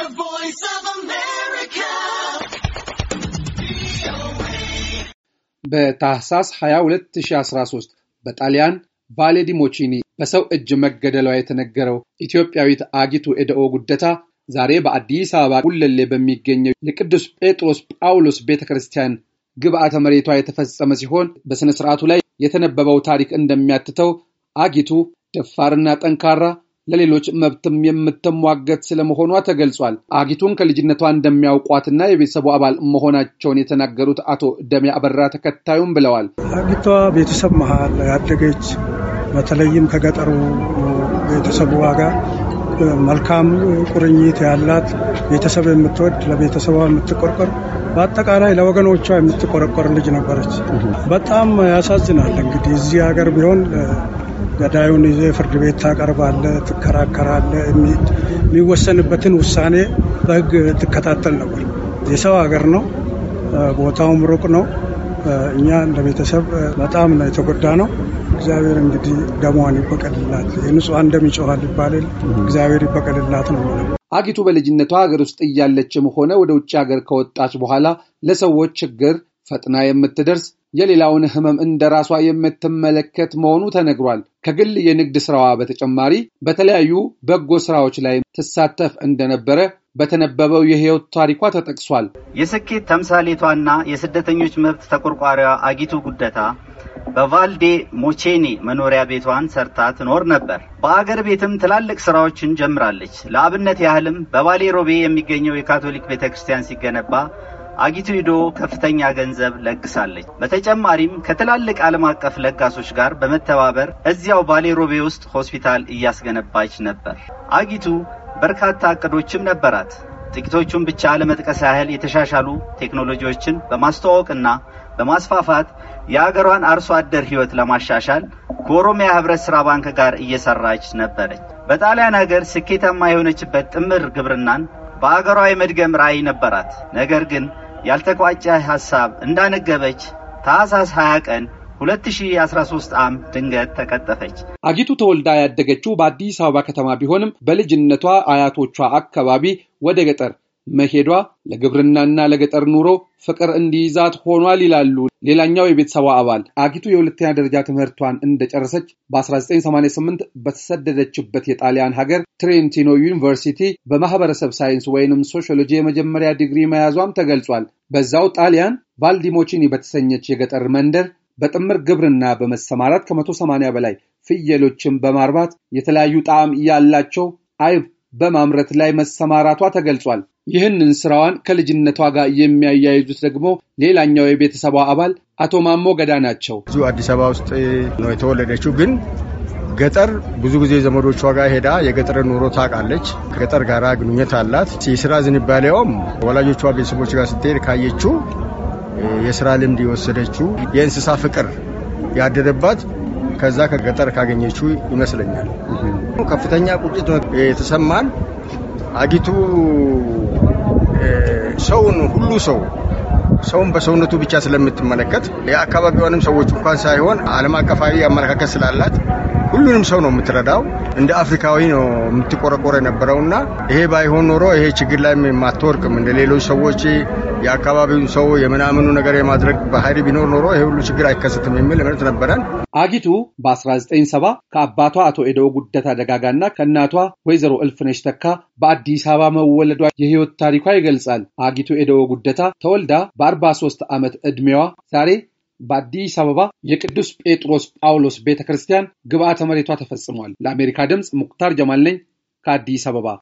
The Voice of America. በታህሳስ 22013 በጣሊያን ቫሌዲ ሞቺኒ በሰው እጅ መገደሏ የተነገረው ኢትዮጵያዊት አጊቱ ኤደኦ ጉደታ ዛሬ በአዲስ አበባ ጉለሌ በሚገኘው የቅዱስ ጴጥሮስ ጳውሎስ ቤተ ክርስቲያን ግብአተ መሬቷ የተፈጸመ ሲሆን በሥነ ሥርዓቱ ላይ የተነበበው ታሪክ እንደሚያትተው አጊቱ ደፋርና ጠንካራ ለሌሎች መብትም የምትሟገት ስለመሆኗ ተገልጿል። አጊቱን ከልጅነቷ እንደሚያውቋትና የቤተሰቡ አባል መሆናቸውን የተናገሩት አቶ ደሜ አበራ ተከታዩም ብለዋል። አጊቷ ቤተሰብ መሀል ያደገች በተለይም ከገጠሩ ቤተሰቡ ጋር መልካም ቁርኝት ያላት ቤተሰብ የምትወድ ለቤተሰቧ የምትቆርቆር በአጠቃላይ ለወገኖቿ የምትቆረቆር ልጅ ነበረች። በጣም ያሳዝናል። እንግዲህ እዚህ ሀገር ቢሆን ገዳዩን ይዘህ ፍርድ ቤት ታቀርባለህ፣ ትከራከራለህ፣ የሚወሰንበትን ውሳኔ በህግ ትከታተል ነበር። የሰው ሀገር ነው፣ ቦታውም ሩቅ ነው። እኛ እንደ ቤተሰብ በጣም ነው የተጎዳ ነው። እግዚአብሔር እንግዲህ ደሟን ይበቀልላት፣ የንጹሐን ደም ይጮኻል ይባላል። እግዚአብሔር ይበቀልላት ነው። አጊቱ በልጅነቷ ሀገር ውስጥ እያለችም ሆነ ወደ ውጭ ሀገር ከወጣች በኋላ ለሰዎች ችግር ፈጥና የምትደርስ የሌላውን ህመም እንደ ራሷ የምትመለከት መሆኑ ተነግሯል። ከግል የንግድ ስራዋ በተጨማሪ በተለያዩ በጎ ስራዎች ላይ ትሳተፍ እንደነበረ በተነበበው የህይወት ታሪኳ ተጠቅሷል። የስኬት ተምሳሌቷና የስደተኞች መብት ተቆርቋሪዋ አጊቱ ጉደታ በቫልዴ ሞቼኔ መኖሪያ ቤቷን ሰርታ ትኖር ነበር። በአገር ቤትም ትላልቅ ስራዎችን ጀምራለች። ለአብነት ያህልም በባሌ ሮቤ የሚገኘው የካቶሊክ ቤተ ክርስቲያን ሲገነባ አጊትሪዶ ከፍተኛ ገንዘብ ለግሳለች። በተጨማሪም ከትላልቅ ዓለም አቀፍ ለጋሶች ጋር በመተባበር እዚያው ባሌ ሮቤ ውስጥ ሆስፒታል እያስገነባች ነበር። አጊቱ በርካታ እቅዶችም ነበራት። ጥቂቶቹን ብቻ ለመጥቀስ ያህል የተሻሻሉ ቴክኖሎጂዎችን በማስተዋወቅና በማስፋፋት የአገሯን አርሶ አደር ህይወት ለማሻሻል ከኦሮሚያ ህብረት ሥራ ባንክ ጋር እየሰራች ነበረች። በጣሊያን ሀገር ስኬታማ የሆነችበት ጥምር ግብርናን በአገሯ የመድገም ራዕይ ነበራት። ነገር ግን ያልተቋጨ ሐሳብ እንዳነገበች ታህሳስ 20 ቀን 2013 ዓ.ም ድንገት ተቀጠፈች። አጊቱ ተወልዳ ያደገችው በአዲስ አበባ ከተማ ቢሆንም በልጅነቷ አያቶቿ አካባቢ ወደ ገጠር መሄዷ ለግብርናና ለገጠር ኑሮ ፍቅር እንዲይዛት ሆኗል ይላሉ ሌላኛው የቤተሰቧ አባል። አጊቱ የሁለተኛ ደረጃ ትምህርቷን እንደጨረሰች በ1988 በተሰደደችበት የጣሊያን ሀገር ትሬንቲኖ ዩኒቨርሲቲ በማህበረሰብ ሳይንስ ወይንም ሶሺዮሎጂ የመጀመሪያ ዲግሪ መያዟም ተገልጿል። በዛው ጣሊያን ቫልዲሞቺኒ በተሰኘች የገጠር መንደር በጥምር ግብርና በመሰማራት ከ180 በላይ ፍየሎችን በማርባት የተለያዩ ጣዕም ያላቸው አይብ በማምረት ላይ መሰማራቷ ተገልጿል። ይህንን ስራዋን ከልጅነቷ ጋር የሚያያይዙት ደግሞ ሌላኛው የቤተሰቧ አባል አቶ ማሞ ገዳ ናቸው። እዚሁ አዲስ አበባ ውስጥ ነው የተወለደችው፣ ግን ገጠር ብዙ ጊዜ ዘመዶቿ ጋር ሄዳ የገጠር ኑሮ ታውቃለች። ከገጠር ጋር ግንኙነት አላት። የስራ ዝንባሌውም ወላጆቿ ቤተሰቦች ጋር ስትሄድ ካየችው የስራ ልምድ የወሰደችው የእንስሳ ፍቅር ያደረባት ከዛ ከገጠር ካገኘችው ይመስለኛል። ከፍተኛ ቁጭት የተሰማን አጊቱ ሰውን ሁሉ ሰው ሰውን በሰውነቱ ብቻ ስለምትመለከት የአካባቢዋንም ሰዎች እንኳን ሳይሆን ዓለም አቀፋዊ አመለካከት ስላላት ሁሉንም ሰው ነው የምትረዳው። እንደ አፍሪካዊ ነው የምትቆረቆረ የነበረውና ይሄ ባይሆን ኖሮ ይሄ ችግር ላይ ማትወርቅም። እንደ ሌሎች ሰዎች የአካባቢውን ሰው የምናምኑ ነገር የማድረግ ባህሪ ቢኖር ኖሮ ይህ ሁሉ ችግር አይከሰትም የሚል እምነት ነበረን። አጊቱ በ1970 ከአባቷ አቶ ኤደው ጉደታ ደጋጋና ከእናቷ ወይዘሮ እልፍነሽ ተካ በአዲስ አበባ መወለዷ የህይወት ታሪኳ ይገልጻል። አጊቱ ኤደው ጉደታ ተወልዳ በ43 ዓመት ዕድሜዋ ዛሬ በአዲስ አበባ የቅዱስ ጴጥሮስ ጳውሎስ ቤተ ክርስቲያን ግብዓተ መሬቷ ተፈጽሟል። ለአሜሪካ ድምፅ ሙክታር ጀማል ነኝ ከአዲስ አበባ